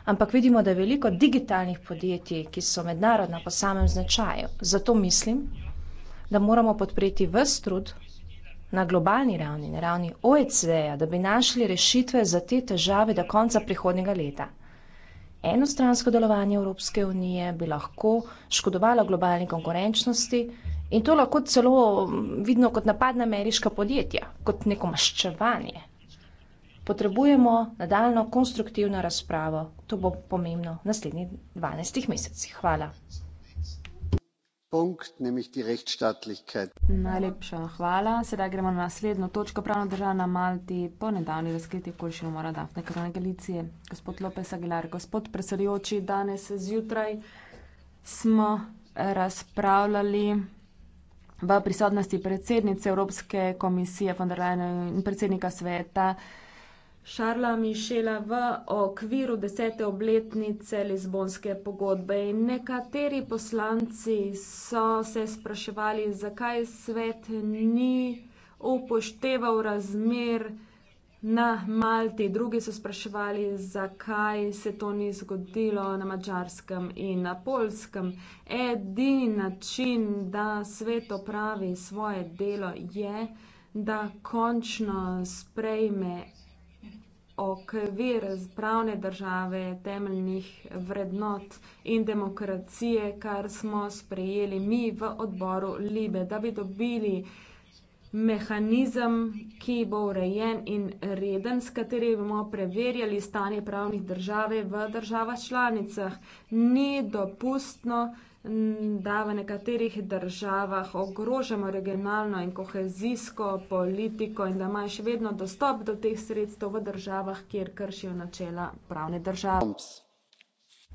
Ampak vidimo, da je veliko digitalnih podjetij, ki so mednarodna po samem značaju. Zato mislim, da moramo podpreti vse trud na globalni ravni, na ravni OECD-ja, da bi našli rešitve za te težave do konca prihodnjega leta enostransko delovanje Evropske unije bi lahko škodovalo globalni konkurenčnosti in to lahko celo mm, vidno kot napad na ameriška podjetja, kot neko maščevanje. Potrebujemo nadaljno konstruktivno razpravo, to bo pomembno v naslednjih 12 mesecih. Hvala punkt, nämlich die Rechtsstaatlichkeit. Najlepša hvala. Sedaj gremo na naslednjo točko. Pravna država na Malti po nedavni razkriti okoliščini mora Dafne Karone Galicije. Gospod Lopes Aguilar, gospod predsedujoči, danes zjutraj smo razpravljali v prisotnosti predsednice Evropske komisije von der Leyen in predsednika sveta Šarla Mišela v okviru desete obletnice Lizbonske pogodbe. In nekateri poslanci so se spraševali, zakaj svet ni upošteval razmer na Malti. Drugi so spraševali, zakaj se to ni zgodilo na Mačarskem in na Polskem. Edini način, da svet opravi svoje delo, je, da končno sprejme okvir pravne države, temeljnih vrednot in demokracije, kar smo sprejeli mi v odboru Libe, da bi dobili mehanizem, ki bo urejen in reden, s katerim bomo preverjali stanje pravnih države v državah članicah. Ni dopustno, da Mm, da v nekaterih državah ogrožamo regionalno in kohezijsko politiko in da imajo še vedno dostop do teh sredstev v državah, kjer kršijo načela pravne države.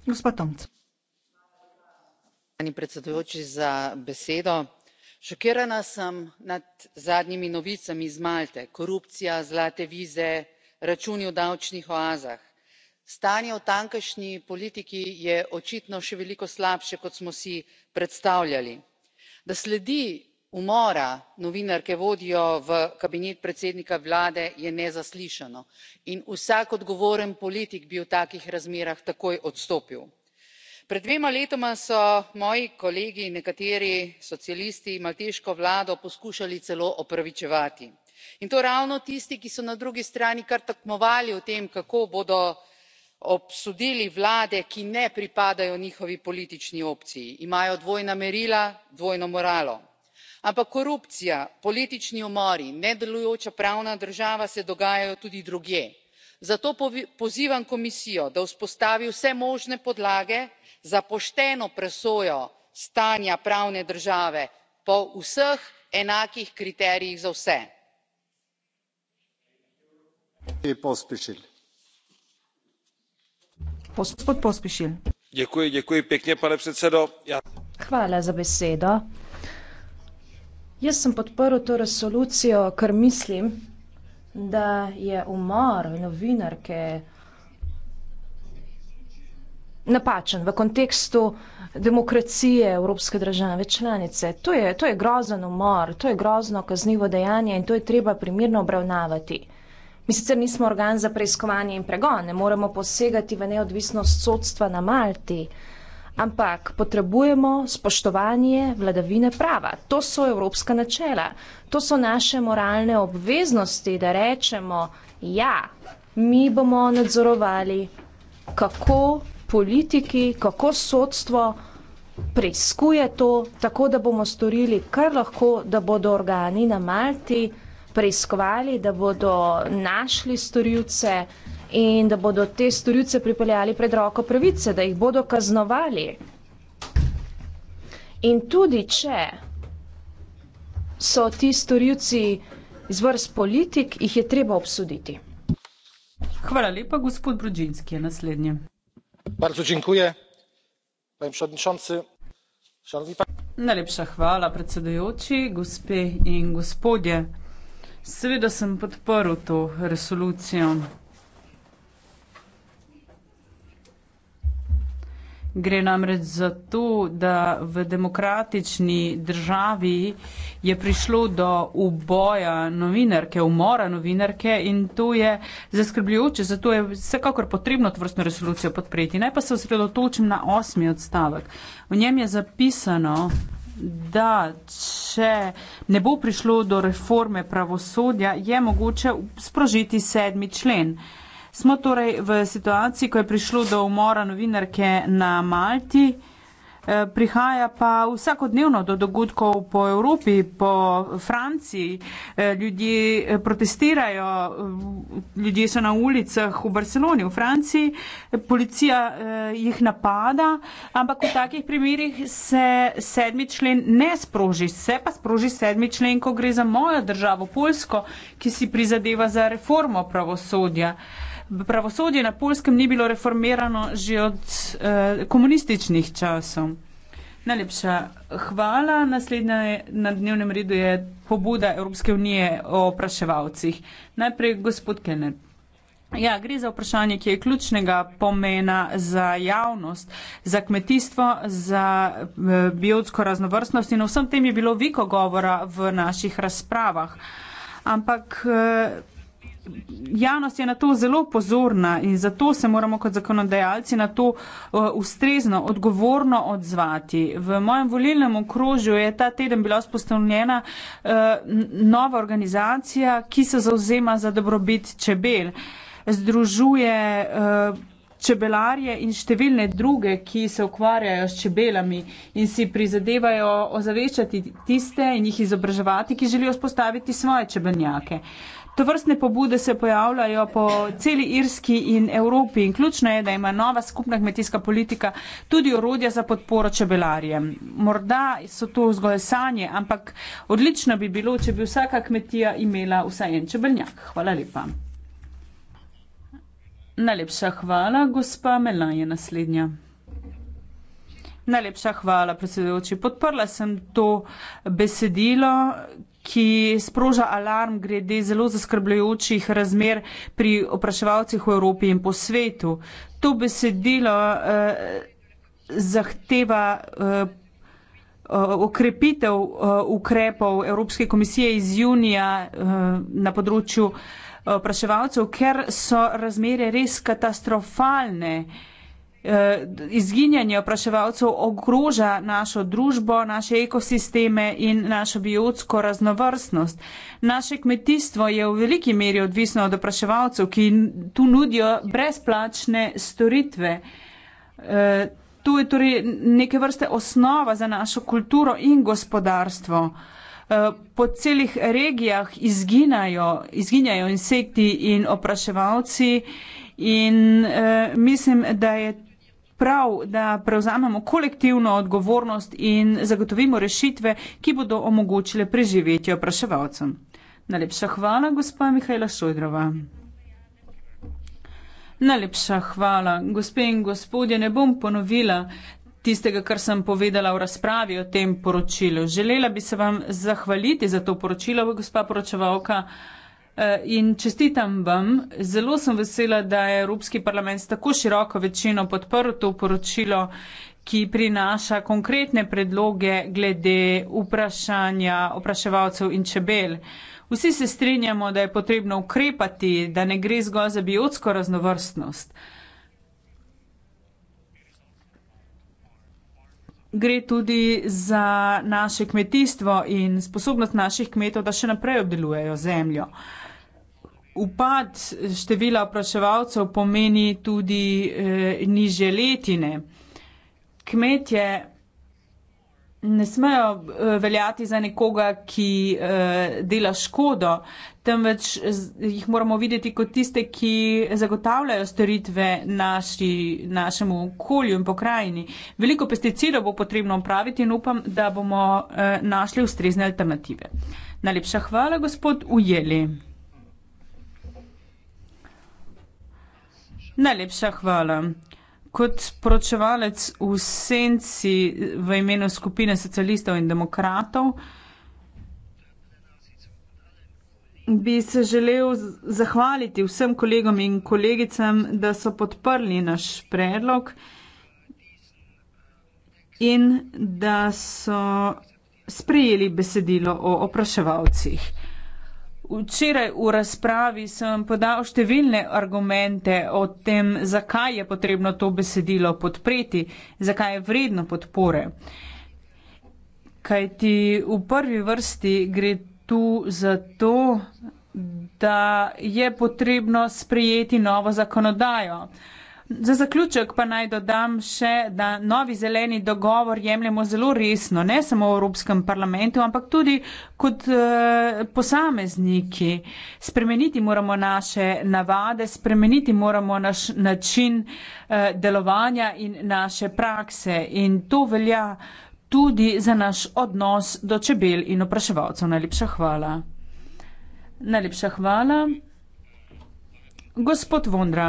Gospod Tomc. Spoštovani predsedujoči, za besedo. Šokirana sem nad zadnjimi novicami iz Malte. Korupcija, zlate vize, računi v davčnih oazah stanje v tamkajšnji politiki je očitno še veliko slabše kot smo si predstavljali. da sledi umora novinarke vodijo v kabinet predsednika vlade je nezaslišano in vsak odgovoren politik bi v takih razmerah takoj odstopil. pred dvema letoma so moji kolegi nekateri socialisti malteško vlado poskušali celo opravičevati in to ravno tisti ki so na drugi strani kar tekmovali v tem kako bodo obsodili vlade ki ne pripadajo njihovi politični opciji imajo dvojna merila dvojno moralo. ampak korupcija politični umori nedelujoča pravna država se dogajajo tudi drugje zato pozivam komisijo da vzpostavi vse možne podlage za pošteno presojo stanja pravne države po vseh enakih kriterijih za vse pane predsedujoči jaz sem podprl to resolucijo ker mislim da je umor novinarke napačen v kontekstu demokracije evropske države članice to je to je grozen umor to je grozno kaznivo dejanje in to je treba primerno obravnavati Mi sicer nismo organ za preiskovanje in pregon, ne moremo posegati v neodvisnost sodstva na Malti, ampak potrebujemo spoštovanje vladavine prava. To so evropska načela, to so naše moralne obveznosti, da rečemo, ja, mi bomo nadzorovali, kako politiki, kako sodstvo preiskuje to, tako da bomo storili kar lahko, da bodo organi na Malti preiskovali, da bodo našli storilce in da bodo te storilce pripeljali pred roko pravice, da jih bodo kaznovali. In tudi, če so ti storilci izvrst politik, jih je treba obsoditi. Hvala lepa, gospod Brodžinski je naslednji. Bardzo dziękuję, panie przewodniczący. Najlepsza chwała, przewodniczący, gospe i gospodzie. Seveda sem podprl to resolucijo. Gre namreč za to, da v demokratični državi je prišlo do uboja novinarke, umora novinarke in to je zaskrbljujoče, zato je vsekakor potrebno tvrstno resolucijo podpreti. Naj pa se osredotočim na osmi odstavek. V njem je zapisano, da če ne bo prišlo do reforme pravosodja, je mogoče sprožiti sedmi člen. Smo torej v situaciji, ko je prišlo do umora novinarke na Malti. Eh, prihaja pa vsakodnevno do dogodkov po Evropi, po Franciji. Eh, ljudje eh, protestirajo, ljudje so na ulicah v Barceloni, v Franciji, policija jih napada, ampak v takih primerih se sedmi člen ne sproži. Se pa sproži sedmi člen, ko gre za mojo državo, Poljsko, ki si prizadeva za reformo pravosodja pravosodje na polskem ni bilo reformirano že od eh, komunističnih časov. Najlepša hvala. Naslednja je, na dnevnem redu je pobuda Evropske unije o opraševalcih. Najprej gospod Kenner. Ja, gre za vprašanje, ki je ključnega pomena za javnost, za kmetijstvo, za eh, biotsko raznovrstnost in o vsem tem je bilo veliko govora v naših razpravah. Ampak eh, javnost je na to zelo pozorna in zato se moramo kot zakonodajalci na to uh, ustrezno, odgovorno odzvati. V mojem volilnem okrožju je ta teden bila spostavljena uh, eh, nova organizacija, ki se zauzema za dobrobit čebel. Združuje. Uh, Čebelarje in številne druge, ki se ukvarjajo s čebelami in si prizadevajo ozaveščati tiste in jih izobraževati, ki želijo spostaviti svoje čebelnjake. Uh, To vrstne pobude se pojavljajo po celi Irski in Evropi in ključno je, da ima nova skupna kmetijska politika tudi orodja za podporo čebelarjem. Morda so to zgolj sanje, ampak odlično bi bilo, če bi vsaka kmetija imela vsaj en čebelnjak. Hvala lepa. Najlepša hvala, gospa Mela je naslednja. Najlepša hvala, predsedujoči. Podprla sem to besedilo, ki sproža alarm glede zelo zaskrbljujočih razmer pri opraševalcih v Evropi in po svetu. To besedilo eh, zahteva eh, okrepitev eh, ukrepov Evropske komisije iz junija eh, na področju eh, opraševalcev, ker so razmere res katastrofalne. Eh, Eh, izginjanje opraševalcev ogroža našo družbo, naše ekosisteme in našo biotsko raznovrstnost. Naše kmetijstvo je v veliki meri odvisno od opraševalcev, ki tu nudijo brezplačne storitve. Eh, to je torej neke vrste osnova za našo kulturo in gospodarstvo. Eh, po celih regijah izginajo, izginjajo insekti in opraševalci in mislim, da je prav, da prevzamemo kolektivno odgovornost in zagotovimo rešitve, ki bodo omogočile preživetje opraševalcem. Najlepša hvala, gospa Mihajla Šojdrova. Najlepša hvala, gospe in gospodje. Ne bom ponovila tistega, kar sem povedala v razpravi o tem poročilu. Želela bi se vam zahvaliti za to poročilo, gospa poročevalka. Eh, in čestitam vam, zelo sem vesela, da je Evropski parlament s tako široko večino podprl to poročilo, ki prinaša konkretne predloge glede vprašanja opraševalcev in čebel. Vsi se strinjamo, da je potrebno ukrepati, da ne gre zgolj za biotsko raznovrstnost. Gre tudi za naše kmetijstvo in sposobnost naših kmetov, da še naprej obdelujejo zemljo. Uh, upad števila opraševalcev pomeni tudi e, eh, niže letine. Kmetje ne smejo eh, veljati za nekoga, ki e, dela škodo, temveč jih moramo videti kot tiste, ki zagotavljajo storitve naši, našemu okolju in pokrajini. Veliko pesticidov bo potrebno upraviti in upam, da bomo e, našli ustrezne alternative. Najlepša hvala, gospod Ujeli. Najlepša hvala. Kot poročevalec v senci v imenu skupine socialistov in demokratov bi se želel zahvaliti vsem kolegom in kolegicam, da so podprli naš predlog in da so sprejeli besedilo o opraševalcih. Včeraj v razpravi sem podal številne argumente o tem, zakaj je potrebno to besedilo podpreti, zakaj je vredno podpore. Kaj ti v prvi vrsti gre tu za to, da je potrebno sprejeti novo zakonodajo. Za zaključek pa naj dodam še, da novi zeleni dogovor jemljemo zelo resno, ne samo v Evropskem parlamentu, ampak tudi kot e, posamezniki. Spremeniti moramo naše navade, spremeniti moramo naš način e, delovanja in naše prakse. In to velja tudi za naš odnos do čebel in opraševalcev. Najlepša hvala. Najlepša hvala. Gospod Vondra.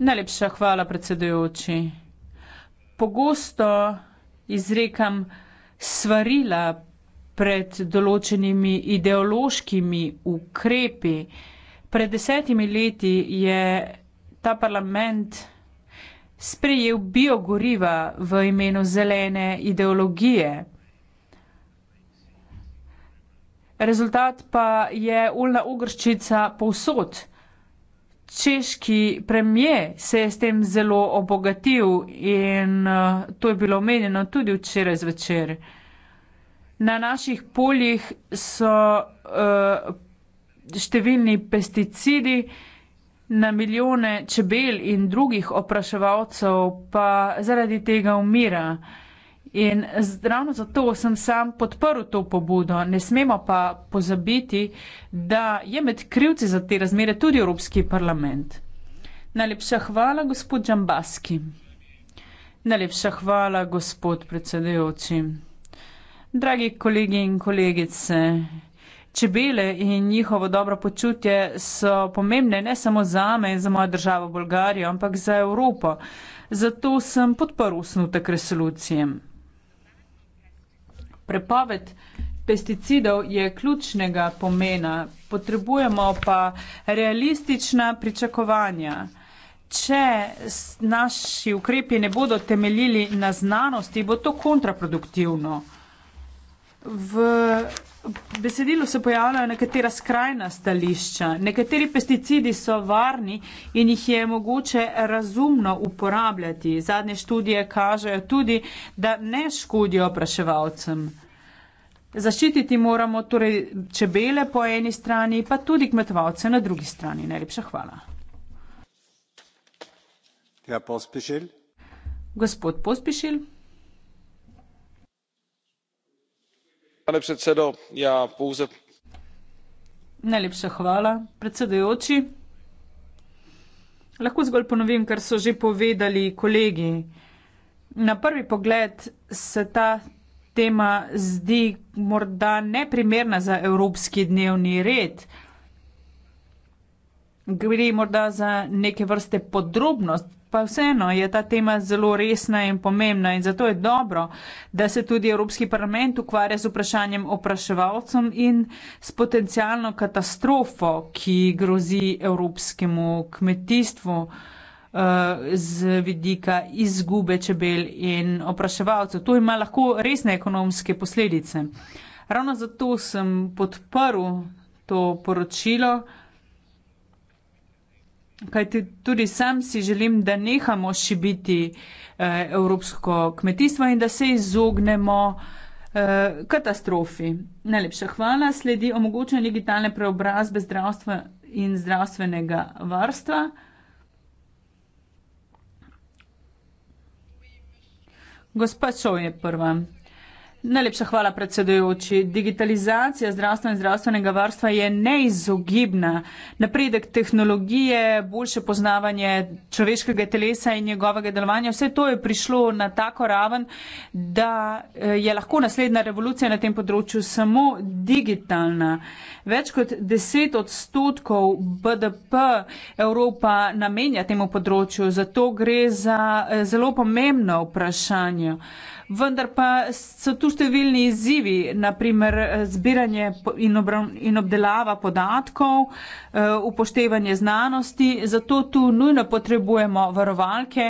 Najlepša hvala, predsedujoči. Pogosto izrekam svarila pred določenimi ideološkimi ukrepi. Pred desetimi leti je ta parlament sprejel biogoriva v imenu zelene ideologije. Rezultat pa je oljna ogrščica povsod češki premije se je s tem zelo obogatil in eh, to je bilo omenjeno tudi včeraj zvečer. Na naših poljih so uh, številni pesticidi, na milijone čebel in drugih opraševalcev pa zaradi tega umira. In ravno zato sem sam podprl to pobudo. Ne smemo pa pozabiti, da je med krivci za te razmere tudi Evropski parlament. Najlepša hvala, gospod Džambaski. Najlepša hvala, gospod predsedujoči. Dragi kolegi in kolegice, čebele in njihovo dobro počutje so pomembne ne samo za me in za mojo državo Bolgarijo, ampak za Evropo. Zato sem podprl snutek resolucije prepoved pesticidov je ključnega pomena, potrebujemo pa realistična pričakovanja. Če naši ukrepi ne bodo temeljili na znanosti, bo to kontraproduktivno. V besedilu se pojavljajo nekatera skrajna stališča. Nekateri pesticidi so varni in jih je mogoče razumno uporabljati. Zadnje študije kažejo tudi, da ne škodijo opraševalcem. Zaščititi moramo torej čebele po eni strani, pa tudi kmetovalce na drugi strani. Najlepša hvala. Ja, pospišil. Gospod Pospišil. Najlepša hvala, predsedujoči. Lahko zgolj ponovim, kar so že povedali kolegi. Na prvi pogled se ta tema zdi morda neprimerna za evropski dnevni red gre morda za neke vrste podrobnost, pa vseeno je ta tema zelo resna in pomembna in zato je dobro, da se tudi Evropski parlament ukvarja z vprašanjem opraševalcem in s potencijalno katastrofo, ki grozi evropskemu kmetijstvu eh, z vidika izgube čebel in opraševalcev. To ima lahko resne ekonomske posledice. Ravno zato sem podprl to poročilo. Kajti tudi sam si želim, da nehamo šibiti eh, evropsko kmetijstvo in da se izognemo eh, katastrofi. Najlepša hvala. Sledi omogočanje digitalne preobrazbe zdravstva in zdravstvenega varstva. Gospa Čov je prva. Najlepša hvala, predsedujoči. Digitalizacija zdravstvenega in zdravstvenega varstva je neizogibna. Napredek tehnologije, boljše poznavanje človeškega telesa in njegovega delovanja, vse to je prišlo na tako raven, da eh, je lahko naslednja revolucija na tem področju samo digitalna. Več kot deset odstotkov BDP Evropa namenja temu področju, zato gre za eh, zelo pomembno vprašanje vendar pa so tu številni izzivi, naprimer eh, zbiranje in, in obdelava podatkov, eh, upoštevanje znanosti, zato tu nujno potrebujemo varovalke.